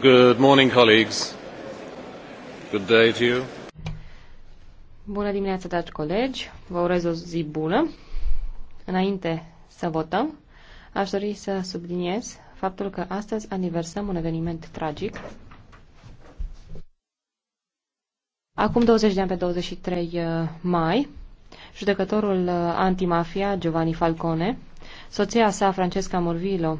Good morning, colleagues. Good day to you. Bună dimineața, dragi colegi. Vă urez o zi bună. Înainte să votăm, aș dori să subliniez faptul că astăzi aniversăm un eveniment tragic. Acum 20 de ani, pe 23 uh, mai, judecătorul uh, antimafia Giovanni Falcone, soția sa Francesca Morvillo,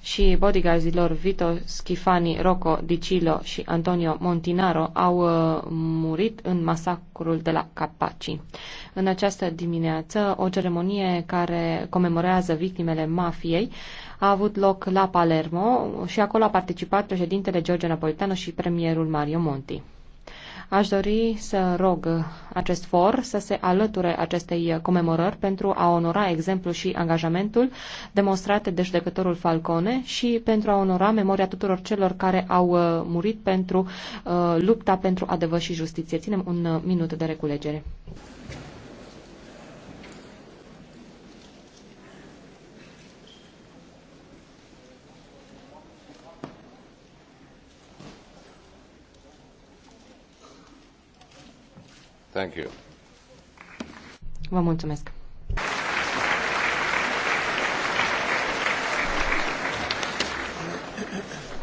și bodyguardilor Vito Schifani, Rocco Dicilo și Antonio Montinaro au uh, murit în masacrul de la Capaci. În această dimineață, o ceremonie care comemorează victimele mafiei a avut loc la Palermo și acolo a participat președintele George Napolitano și premierul Mario Monti. Aș dori să rog acest for să se alăture acestei comemorări pentru a onora exemplul și angajamentul demonstrate de judecătorul Falcone și pentru a onora memoria tuturor celor care au uh, murit pentru uh, lupta pentru adevăr și justiție. Ținem un minut de reculegere. Thank you. Vă mulțumesc.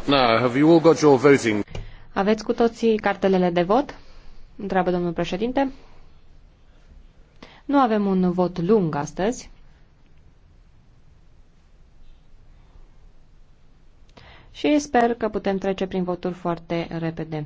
Now, have you all got your voting? Aveți cu toții cartelele de vot? Întreabă domnul președinte. Nu avem un vot lung astăzi. Și sper că putem trece prin voturi foarte repede.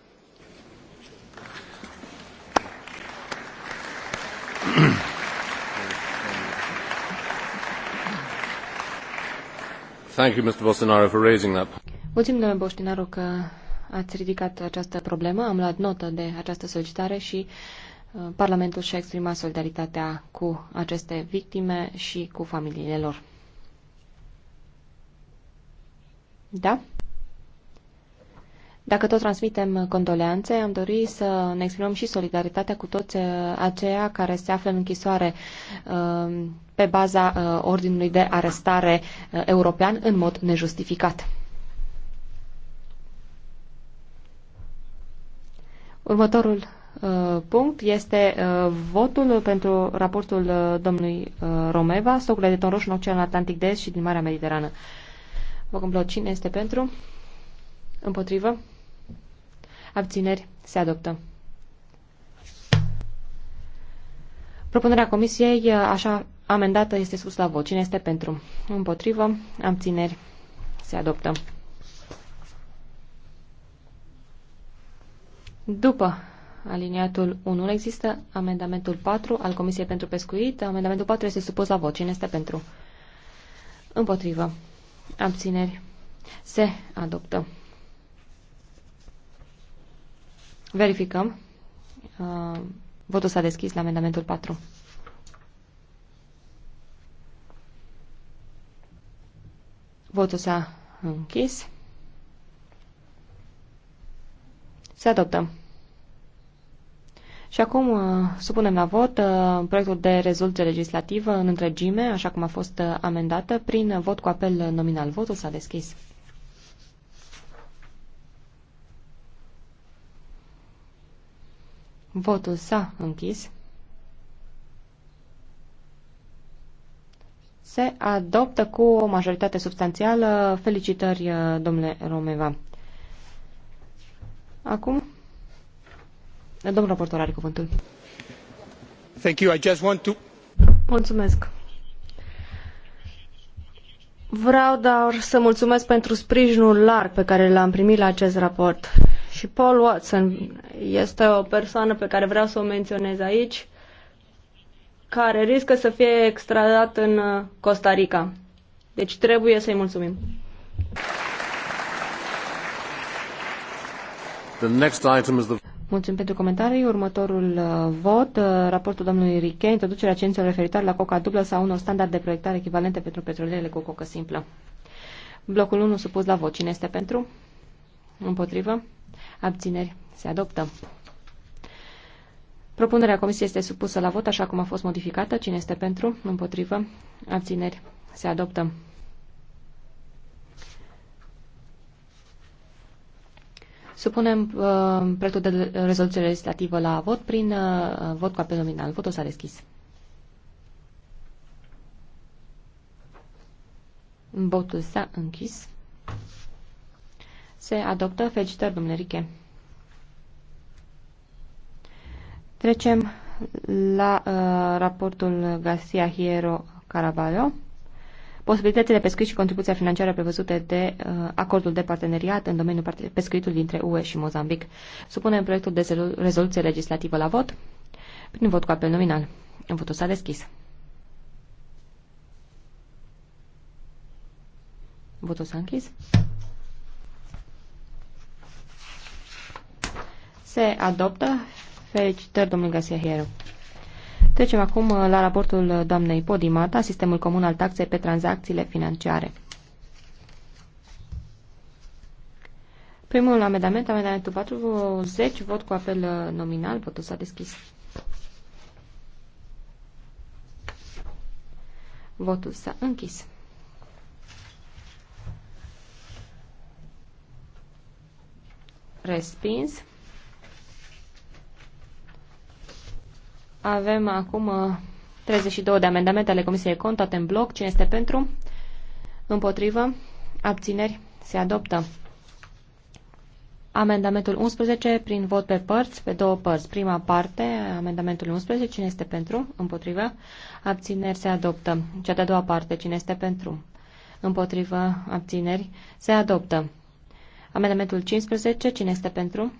Thank you, Mr. Bolsonaro, for raising that. Mulțumim, domnule Boștinaru, că ați ridicat această problemă. Am luat notă de această solicitare și uh, Parlamentul și-a exprimat solidaritatea cu aceste victime și cu familiile lor. Da? Dacă tot transmitem condoleanțe, am dori să ne exprimăm și solidaritatea cu toți uh, aceia care se află în închisoare uh, pe baza uh, ordinului de arestare european în mod nejustificat. Următorul punct este votul pentru raportul domnului Romeva, stocurile de ton roșu în Oceanul Atlantic de Est și din Marea Mediterană. Vă complot cine este pentru? Împotrivă? abțineri, se adoptă. Propunerea comisiei, așa amendată, este sus la vot. Cine este pentru? Împotrivă, abțineri, se adoptă. După aliniatul 1 există amendamentul 4 al Comisiei pentru Pescuit. Amendamentul 4 este supus la vot. Cine este pentru? Împotrivă. Abțineri. Se adoptă. Verificăm. Uh, votul s-a deschis la amendamentul 4. Votul s-a închis. Se adoptă. Și acum uh, supunem la vot uh, proiectul de rezoluție legislativă în întregime, așa cum a fost amendată, prin vot cu apel nominal. Votul s-a deschis. Votul s-a închis. Se adoptă cu o majoritate substanțială. Felicitări, uh, domnule Romeva. Acum, domnul raportor are cuvântul. Thank you. I just want to... Mulțumesc. Vreau doar să mulțumesc pentru sprijinul larg pe care l-am primit la acest raport și Paul Watson este o persoană pe care vreau să o menționez aici, care riscă să fie extradat în uh, Costa Rica. Deci trebuie să-i mulțumim. The next item is the... Mulțumim pentru comentarii. Următorul uh, vot, uh, raportul domnului Riche, introducerea cenților referitoare la coca dublă sau unor standard de proiectare echivalente pentru petrolierele cu coca simplă. Blocul 1 supus la vot. Cine este pentru? Împotrivă? Abțineri. Se adoptă. Propunerea comisiei este supusă la vot așa cum a fost modificată. Cine este pentru? Împotrivă. Abțineri. Se adoptă. Supunem uh, proiectul de rezoluție legislativă la vot prin uh, vot cu apel nominal. Votul s-a deschis. Votul s-a închis. Se adoptă. Felicitări, domnule Riche. Trecem la uh, raportul Garcia Hiero Caraballo. Posibilitățile pescuit și contribuția financiară prevăzute de uh, acordul de parteneriat în domeniul pescuitului dintre UE și Mozambic. Supunem proiectul de rezoluție legislativă la vot prin vot cu apel nominal. În votul s-a deschis. Votul s-a închis. Se adoptă. Felicitări, domnul Garcia Hieru. Trecem acum uh, la raportul doamnei Podimata, sistemul comun al taxei pe tranzacțiile financiare. Primul amendament, amendamentul 40, vot cu apel uh, nominal, votul s-a deschis. Votul s-a închis. Respins. Avem acum 32 uh, de amendamente ale Comisiei contate toate în bloc. Cine este pentru? Împotrivă? Abțineri? Se adoptă. Amendamentul 11 prin vot pe părți, pe două părți. Prima parte, amendamentul 11, cine este pentru? Împotrivă? Abțineri se adoptă. Cea de-a doua parte, cine este pentru? Împotrivă? Abțineri se adoptă. Amendamentul 15, cine este pentru?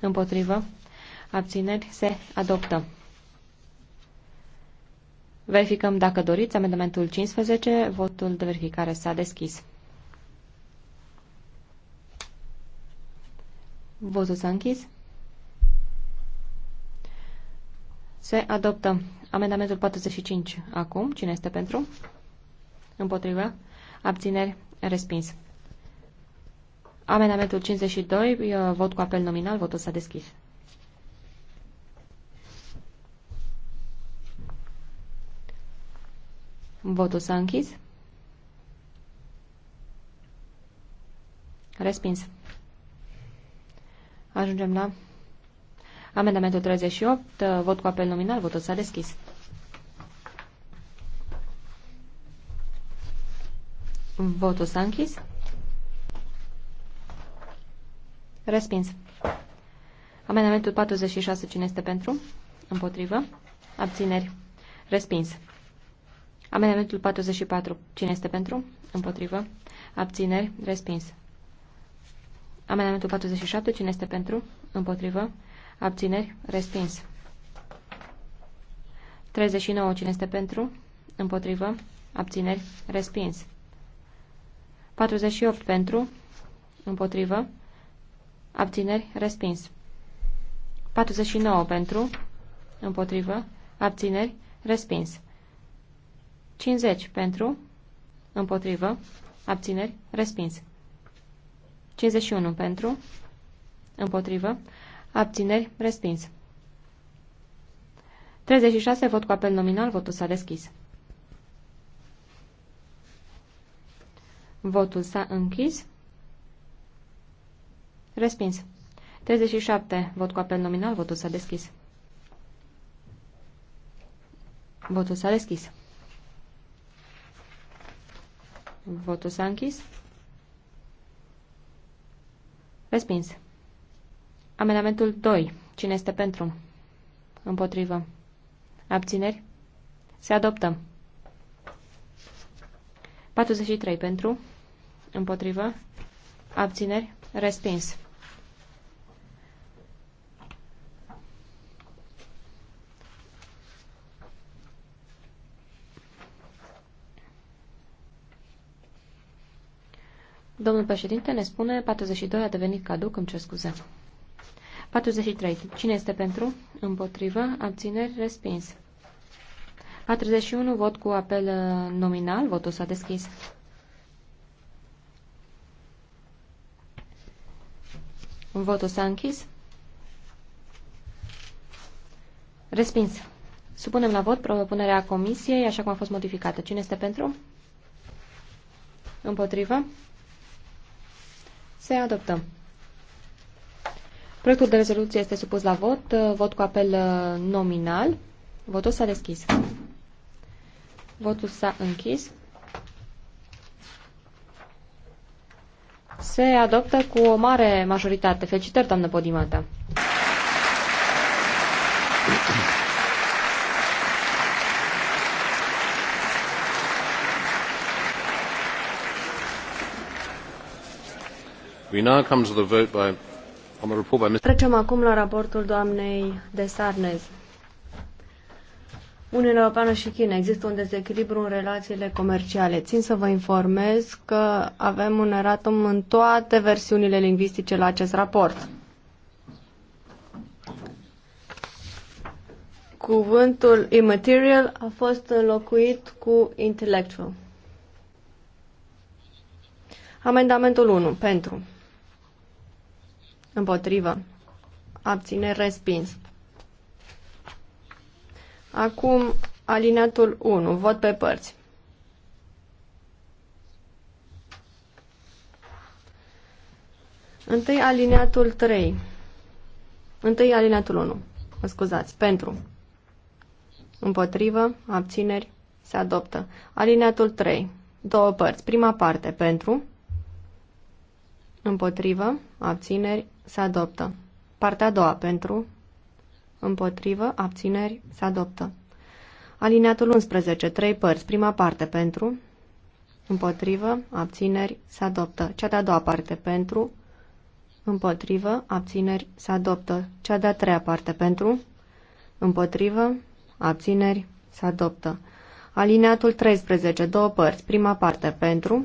Împotrivă? abțineri, se adoptă. Verificăm dacă doriți amendamentul 15, votul de verificare s-a deschis. Votul s-a închis. Se adoptă amendamentul 45 acum. Cine este pentru? Împotrivă? Abțineri? Respins. Amendamentul 52, vot cu apel nominal, votul s-a deschis. Votul s-a închis. Respins. Ajungem la amendamentul 38. Uh, vot cu apel nominal. Votul s-a deschis. Votul s-a închis. Respins. Amendamentul 46. Cine este pentru? Împotrivă. Abțineri. Respins. Amendamentul 44. Cine este pentru? Împotrivă. Abțineri. Respins. Amendamentul 47. Cine este pentru? Împotrivă. Abțineri. Respins. 39. Cine este pentru? Împotrivă. Abțineri. Respins. 48 pentru. Împotrivă. Abțineri. Respins. 49 pentru. Împotrivă. Abțineri. Respins. 50 pentru, împotrivă, abțineri, respins. 51 pentru, împotrivă, abțineri, respins. 36 vot cu apel nominal, votul s-a deschis. Votul s-a închis. Respins. 37. Vot cu apel nominal. Votul s-a deschis. Votul s-a deschis. Votul s-a închis. Respins. Amendamentul 2. Cine este pentru? Împotrivă. Abțineri? Se adoptă. 43 pentru. Împotrivă. Abțineri? Respins. Domnul președinte ne spune 42 a devenit caduc, îmi cer scuze. 43. Cine este pentru? Împotrivă. Abțineri. Respins. 41. Vot cu apel uh, nominal. Votul s-a deschis. Votul s-a închis. Respins. Supunem la vot propunerea comisiei, așa cum a fost modificată. Cine este pentru? Împotrivă. Se adoptă. Proiectul de rezoluție este supus la vot. Vot cu apel uh, nominal. Votul s-a deschis. Votul s-a închis. Se adoptă cu o mare majoritate. Felicitări, doamnă Podimata. Trecem acum la raportul doamnei de Sarnez. Uniunea Europeană și China. Există un dezechilibru în relațiile comerciale. Țin să vă informez că avem un eratum în toate versiunile lingvistice la acest raport. Cuvântul immaterial a fost înlocuit cu intellectual. Amendamentul 1. Pentru. Împotrivă. Abține respins. Acum alineatul 1. Vot pe părți. Întâi alineatul 3. Întâi alineatul 1. Mă scuzați. Pentru. Împotrivă. Abțineri. Se adoptă. Alineatul 3. Două părți. Prima parte. Pentru. Împotrivă, abțineri, se adoptă. Partea a doua pentru. Împotrivă, abțineri, se adoptă. Alineatul 11, trei părți, prima parte pentru. Împotrivă, abțineri, se adoptă. Cea de-a doua parte pentru. Împotrivă, abțineri, se adoptă. Cea de-a treia parte pentru. Împotrivă, abțineri, se adoptă. Alineatul 13, două părți, prima parte pentru.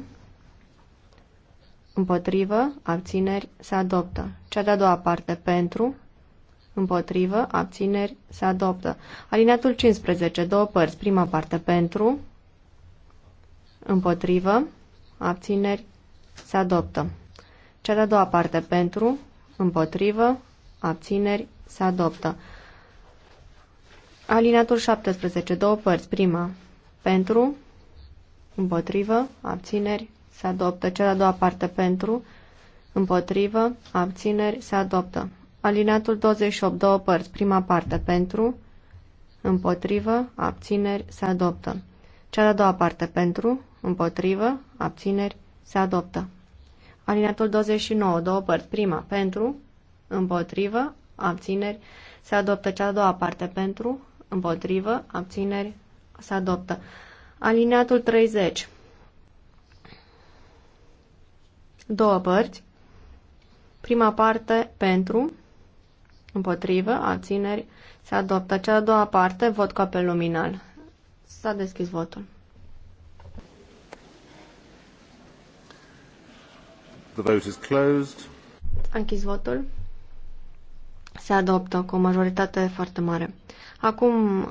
Împotrivă, abțineri, se adoptă. Cea de-a doua parte, pentru, împotrivă, abțineri, se adoptă. Alineatul 15, două părți, prima parte, pentru, împotrivă, abțineri, se adoptă. Cea de-a doua parte, pentru, împotrivă, abțineri, se adoptă. Alineatul 17, două părți, prima, pentru, împotrivă, abțineri, se adoptă. Cea de-a doua parte pentru, împotrivă, abțineri, se adoptă. Alineatul 28, două părți, prima parte pentru, împotrivă, abțineri, se adoptă. Cea de-a doua parte pentru, împotrivă, abțineri, se adoptă. Alineatul 29, două părți, prima pentru, împotrivă, abțineri, se adoptă. Cea de-a doua parte pentru, împotrivă, abțineri, se adoptă. Alineatul 30, două părți. Prima parte pentru, împotrivă, abțineri, se adoptă. Cea a doua parte, vot cu apel luminal. S-a deschis votul. The vote is closed. a închis votul. Se adoptă cu o majoritate foarte mare. Acum,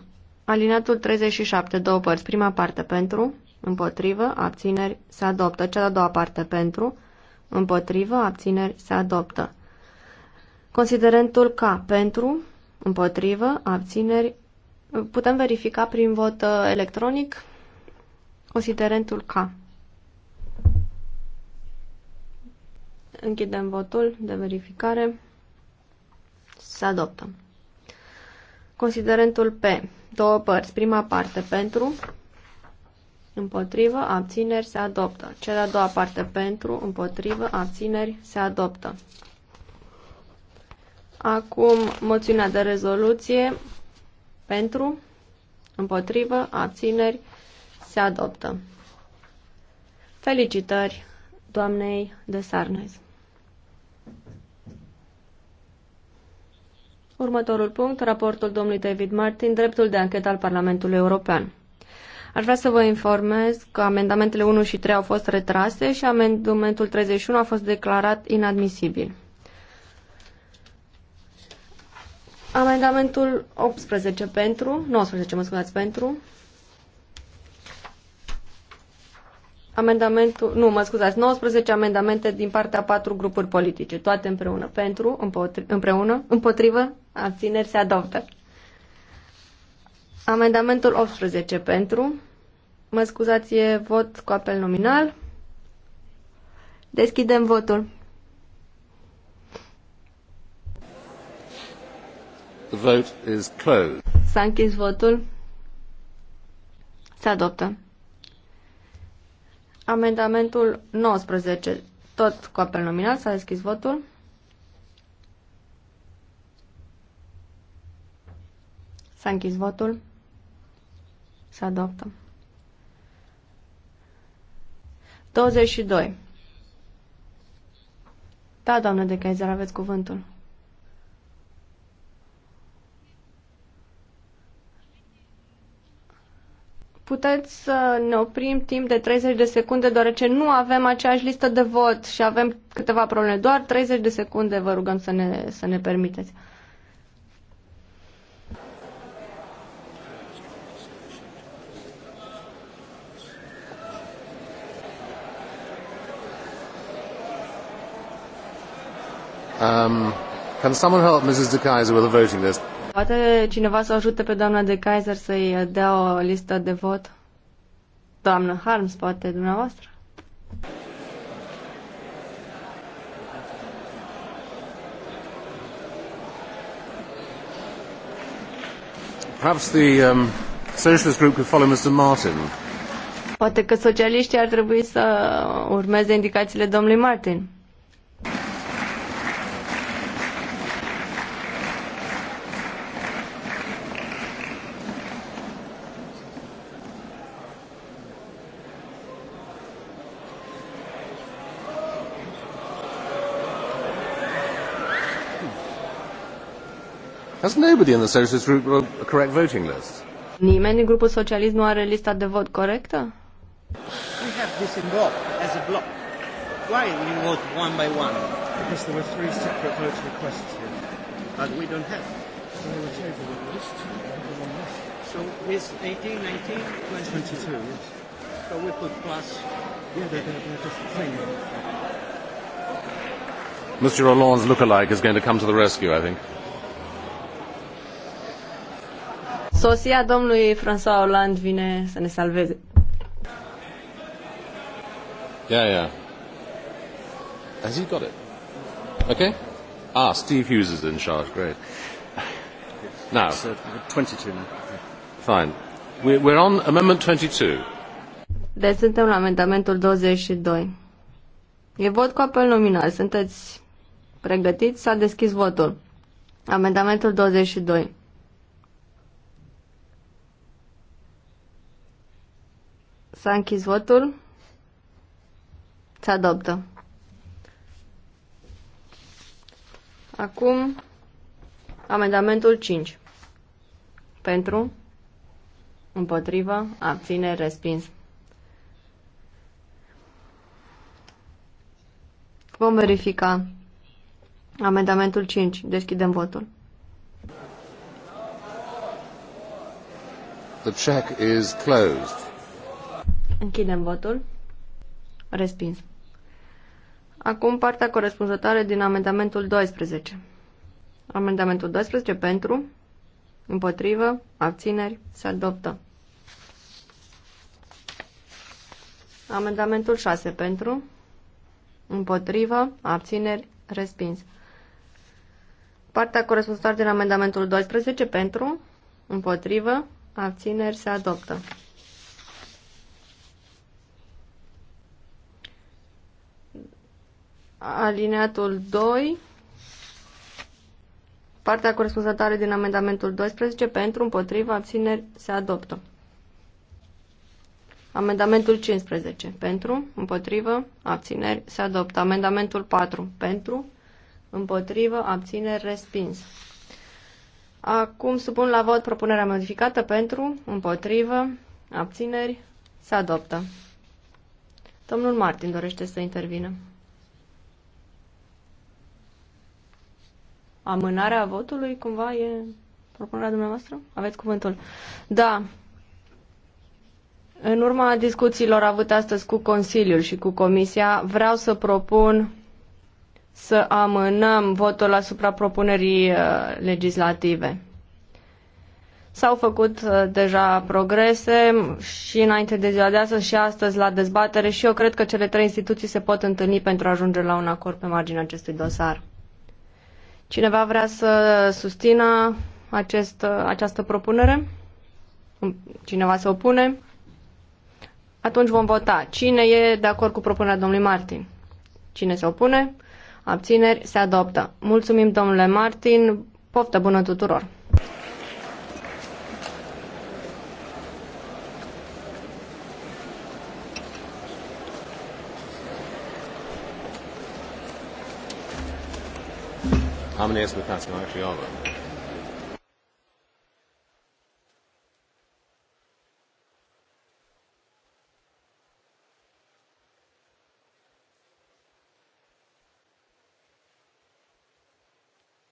alineatul 37, două părți. Prima parte pentru, împotrivă, abțineri, se adoptă. Cea de-a doua parte pentru, Împotrivă, abțineri, se adoptă. Considerentul K pentru, împotrivă, abțineri, putem verifica prin vot uh, electronic considerentul K. Închidem votul de verificare. Se adoptă. Considerentul P. Două părți. Prima parte pentru, împotrivă, abțineri, se adoptă. Cea de-a doua parte pentru, împotrivă, abțineri, se adoptă. Acum, moțiunea de rezoluție pentru, împotrivă, abțineri, se adoptă. Felicitări doamnei de Sarnez. Următorul punct, raportul domnului David Martin, dreptul de anchetă al Parlamentului European. Aș vrea să vă informez că amendamentele 1 și 3 au fost retrase și amendamentul 31 a fost declarat inadmisibil. Amendamentul 18 pentru, 19 mă scuzați, pentru. Amendamentul, nu, mă scuzați, 19 amendamente din partea patru grupuri politice, toate împreună. Pentru, împotri, împreună, împotrivă, abțineri se adoptă. Amendamentul 18 pentru. Mă scuzați, e vot cu apel nominal. Deschidem votul. The vote is closed. S-a închis votul. Se adoptă. Amendamentul 19, tot cu apel nominal, s-a deschis votul. S-a închis votul. Se adoptă. 22. Da, doamnă de Kaiser, aveți cuvântul. Puteți să ne oprim timp de 30 de secunde, deoarece nu avem aceeași listă de vot și avem câteva probleme. Doar 30 de secunde vă rugăm să ne, să ne permiteți. Um, can someone help Mrs. De Kaiser with a voting list? Poate cineva să ajute pe doamna De Kaiser să-i dea o listă de vot? Doamna Harms, poate dumneavoastră? Perhaps the um, socialist group could follow Mr. Martin. Poate că socialiștii ar trebui să urmeze indicațiile domnului Martin. Has nobody in the Socialist group got a correct voting list? Nimeni din grupul socialist nu are lista de vot corectă? We have this in block, as a block. Why we vote one by one? Because there were three separate vote requests here. But we don't have. So they were tabled the list. So with 18, 19, 20. 22, yes. So we put plus. Yeah, they're, they're, they're just the same. Mr. Hollande's look-alike is going to come to the rescue, I think. Sosia domnului François Hollande vine să ne salveze. Yeah, yeah. Has he got it? Okay. Ah, Steve Hughes is in charge. Great. Now. It's, uh, 22 now. Fine. We're, we're on Amendment 22. Deci suntem la amendamentul 22. E vot cu apel nominal. Sunteți pregătiți? S-a deschis votul. Amendamentul 22. S-a închis votul. Se adoptă. Acum, amendamentul 5. Pentru, împotrivă, abține, respins. Vom verifica amendamentul 5. Deschidem votul. The check is closed. Închidem votul. Respins. Acum partea corespunzătoare din amendamentul 12. Amendamentul 12 pentru, împotrivă, abțineri, se adoptă. Amendamentul 6 pentru, împotrivă, abțineri, respins. Partea corespunzătoare din amendamentul 12 pentru, împotrivă, abțineri, se adoptă. alineatul 2, partea corespunzătoare din amendamentul 12, pentru, împotriva, abțineri, se adoptă. Amendamentul 15, pentru, împotrivă, abțineri, se adoptă. Amendamentul 4, pentru, împotrivă, abțineri, respins. Acum supun la vot propunerea modificată pentru, împotrivă, abțineri, se adoptă. Domnul Martin dorește să intervină. amânarea votului cumva e propunerea dumneavoastră? Aveți cuvântul. Da. În urma discuțiilor avute astăzi cu Consiliul și cu Comisia, vreau să propun să amânăm votul asupra propunerii uh, legislative. S-au făcut uh, deja progrese și înainte de ziua de astăzi și astăzi la dezbatere și eu cred că cele trei instituții se pot întâlni pentru a ajunge la un acord pe marginea acestui dosar. Cineva vrea să susțină acest, această propunere? Cineva se opune? Atunci vom vota. Cine e de acord cu propunerea domnului Martin? Cine se opune? Abțineri se adoptă. Mulțumim, domnule Martin. Poftă bună tuturor! How many years of the task am